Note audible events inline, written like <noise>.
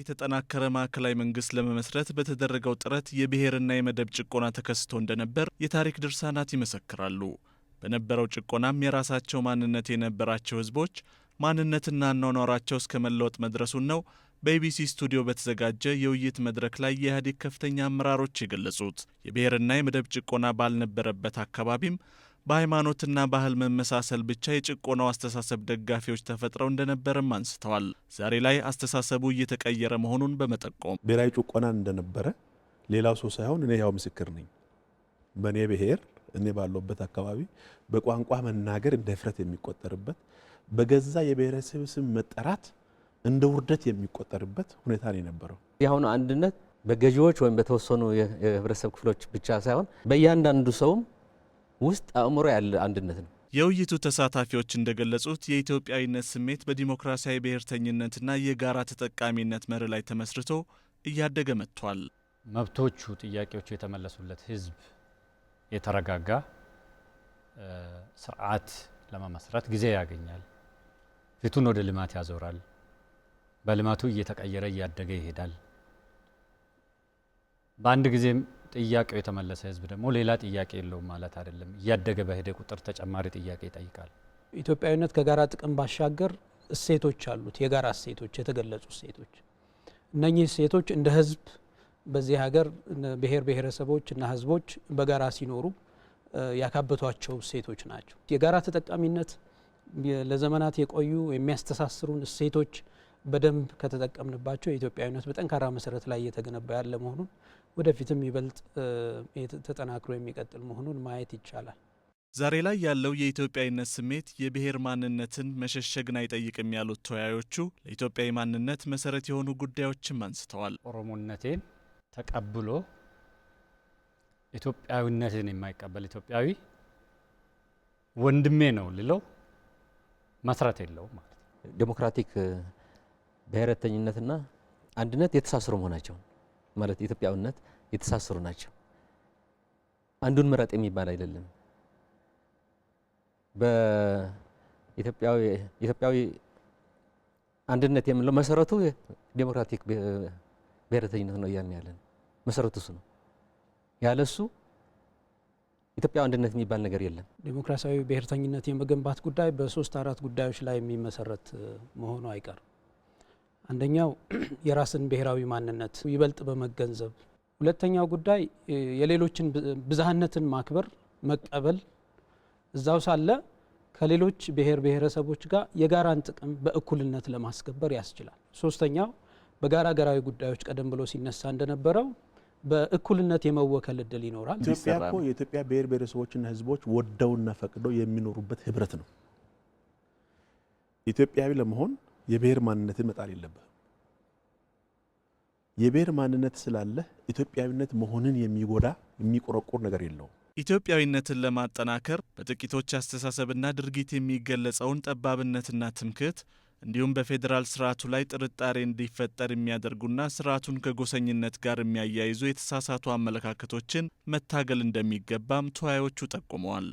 የተጠናከረ ማዕከላዊ መንግስት ለመመስረት በተደረገው ጥረት የብሔርና የመደብ ጭቆና ተከስቶ እንደነበር የታሪክ ድርሳናት ይመሰክራሉ። በነበረው ጭቆናም የራሳቸው ማንነት የነበራቸው ህዝቦች ማንነትና አኗኗራቸው እስከ መለወጥ መድረሱን ነው በኢቢሲ ስቱዲዮ በተዘጋጀ የውይይት መድረክ ላይ የኢህአዴግ ከፍተኛ አመራሮች የገለጹት። የብሔርና የመደብ ጭቆና ባልነበረበት አካባቢም በሃይማኖትና ባህል መመሳሰል ብቻ የጭቆናው አስተሳሰብ ደጋፊዎች ተፈጥረው እንደነበረም አንስተዋል። ዛሬ ላይ አስተሳሰቡ እየተቀየረ መሆኑን በመጠቆም ብሔራዊ ጭቆናን እንደነበረ ሌላው ሰው ሳይሆን እኔ ያው ምስክር ነኝ። በእኔ ብሔር እኔ ባለበት አካባቢ በቋንቋ መናገር እንደ ፍረት የሚቆጠርበት በገዛ የብሔረሰብ ስም መጠራት እንደ ውርደት የሚቆጠርበት ሁኔታ ነው የነበረው። የአሁኑ አንድነት በገዢዎች ወይም በተወሰኑ የህብረተሰብ ክፍሎች ብቻ ሳይሆን በእያንዳንዱ ሰውም ውስጥ አእምሮ ያለ አንድነት ነው። የውይይቱ ተሳታፊዎች እንደገለጹት የኢትዮጵያዊነት ስሜት በዲሞክራሲያዊ ብሔርተኝነትና የጋራ ተጠቃሚነት መርህ ላይ ተመስርቶ እያደገ መጥቷል። መብቶቹ፣ ጥያቄዎቹ የተመለሱለት ህዝብ የተረጋጋ ስርዓት ለመመስረት ጊዜ ያገኛል። ፊቱን ወደ ልማት ያዞራል። በልማቱ እየተቀየረ እያደገ ይሄዳል። በአንድ ጊዜም ጥያቄው የተመለሰ ህዝብ ደግሞ ሌላ ጥያቄ የለውም ማለት አይደለም። እያደገ በሄደ ቁጥር ተጨማሪ ጥያቄ ይጠይቃል። ኢትዮጵያዊነት ከጋራ ጥቅም ባሻገር እሴቶች አሉት፣ የጋራ እሴቶች፣ የተገለጹ እሴቶች። እነኚህ እሴቶች እንደ ህዝብ በዚህ ሀገር ብሔር ብሔረሰቦች እና ህዝቦች በጋራ ሲኖሩ ያካበቷቸው እሴቶች ናቸው። የጋራ ተጠቃሚነት ለዘመናት የቆዩ የሚያስተሳስሩን እሴቶች በደንብ ከተጠቀምንባቸው የኢትዮጵያዊነት በጠንካራ መሰረት ላይ እየተገነባ ያለ መሆኑን ወደፊትም ይበልጥ ተጠናክሮ የሚቀጥል መሆኑን ማየት ይቻላል። ዛሬ ላይ ያለው የኢትዮጵያዊነት ስሜት የብሔር ማንነትን መሸሸግን አይጠይቅም ያሉት ተወያዮቹ ለኢትዮጵያዊ ማንነት መሰረት የሆኑ ጉዳዮችም አንስተዋል። ኦሮሞነቴን ተቀብሎ ኢትዮጵያዊነትን የማይቀበል ኢትዮጵያዊ ወንድሜ ነው ልለው መስረት የለውም ማለት ነው። ዴሞክራቲክ ብሔረተኝነትና አንድነት የተሳሰሩ መሆናቸው ማለት ኢትዮጵያዊነት የተሳሰሩ ናቸው። አንዱን ምረጥ የሚባል አይደለም። በኢትዮጵያዊ አንድነት የምንለው መሰረቱ ዴሞክራቲክ ብሔረተኝነት ነው እያልን ያለን መሰረቱ እሱ ነው። ያለሱ ኢትዮጵያ አንድነት የሚባል ነገር የለም። ዴሞክራሲያዊ ብሔርተኝነት የመገንባት ጉዳይ በሶስት አራት ጉዳዮች ላይ የሚመሰረት መሆኑ አይቀርም። አንደኛው <clears throat> የራስን ብሔራዊ ማንነት ይበልጥ በመገንዘብ ሁለተኛው ጉዳይ የሌሎችን ብዝሃነትን ማክበር መቀበል፣ እዛው ሳለ ከሌሎች ብሔር ብሔረሰቦች ጋር የጋራን ጥቅም በእኩልነት ለማስከበር ያስችላል። ሶስተኛው በጋራ ሀገራዊ ጉዳዮች ቀደም ብሎ ሲነሳ እንደነበረው በእኩልነት የመወከል እድል ይኖራል። ኢትዮጵያ እኮ የኢትዮጵያ ብሔር ብሔረሰቦችና ሕዝቦች ወደውና ፈቅደው የሚኖሩበት ህብረት ነው። ኢትዮጵያዊ ለመሆን የብሔር ማንነትን መጣል የለብህም። የብሔር ማንነት ስላለህ ኢትዮጵያዊነት መሆንን የሚጎዳ የሚቆረቆር ነገር የለውም። ኢትዮጵያዊነትን ለማጠናከር በጥቂቶች አስተሳሰብና ድርጊት የሚገለጸውን ጠባብነትና ትምክህት እንዲሁም በፌዴራል ስርዓቱ ላይ ጥርጣሬ እንዲፈጠር የሚያደርጉና ስርዓቱን ከጎሰኝነት ጋር የሚያያይዙ የተሳሳቱ አመለካከቶችን መታገል እንደሚገባም ተወያዮቹ ጠቁመዋል።